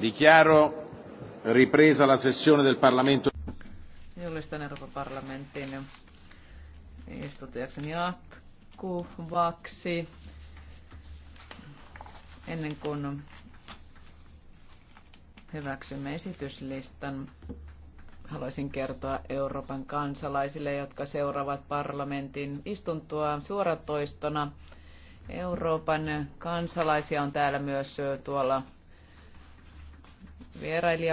Dichiaro ripresa la sessione del Parlamento. Julistan Euroopan parlamentin jatkuvaksi. Ennen kuin hyväksymme esityslistan, haluaisin kertoa Euroopan kansalaisille, jotka seuraavat parlamentin istuntoa suoratoistona. Euroopan kansalaisia on täällä myös tuolla vierailija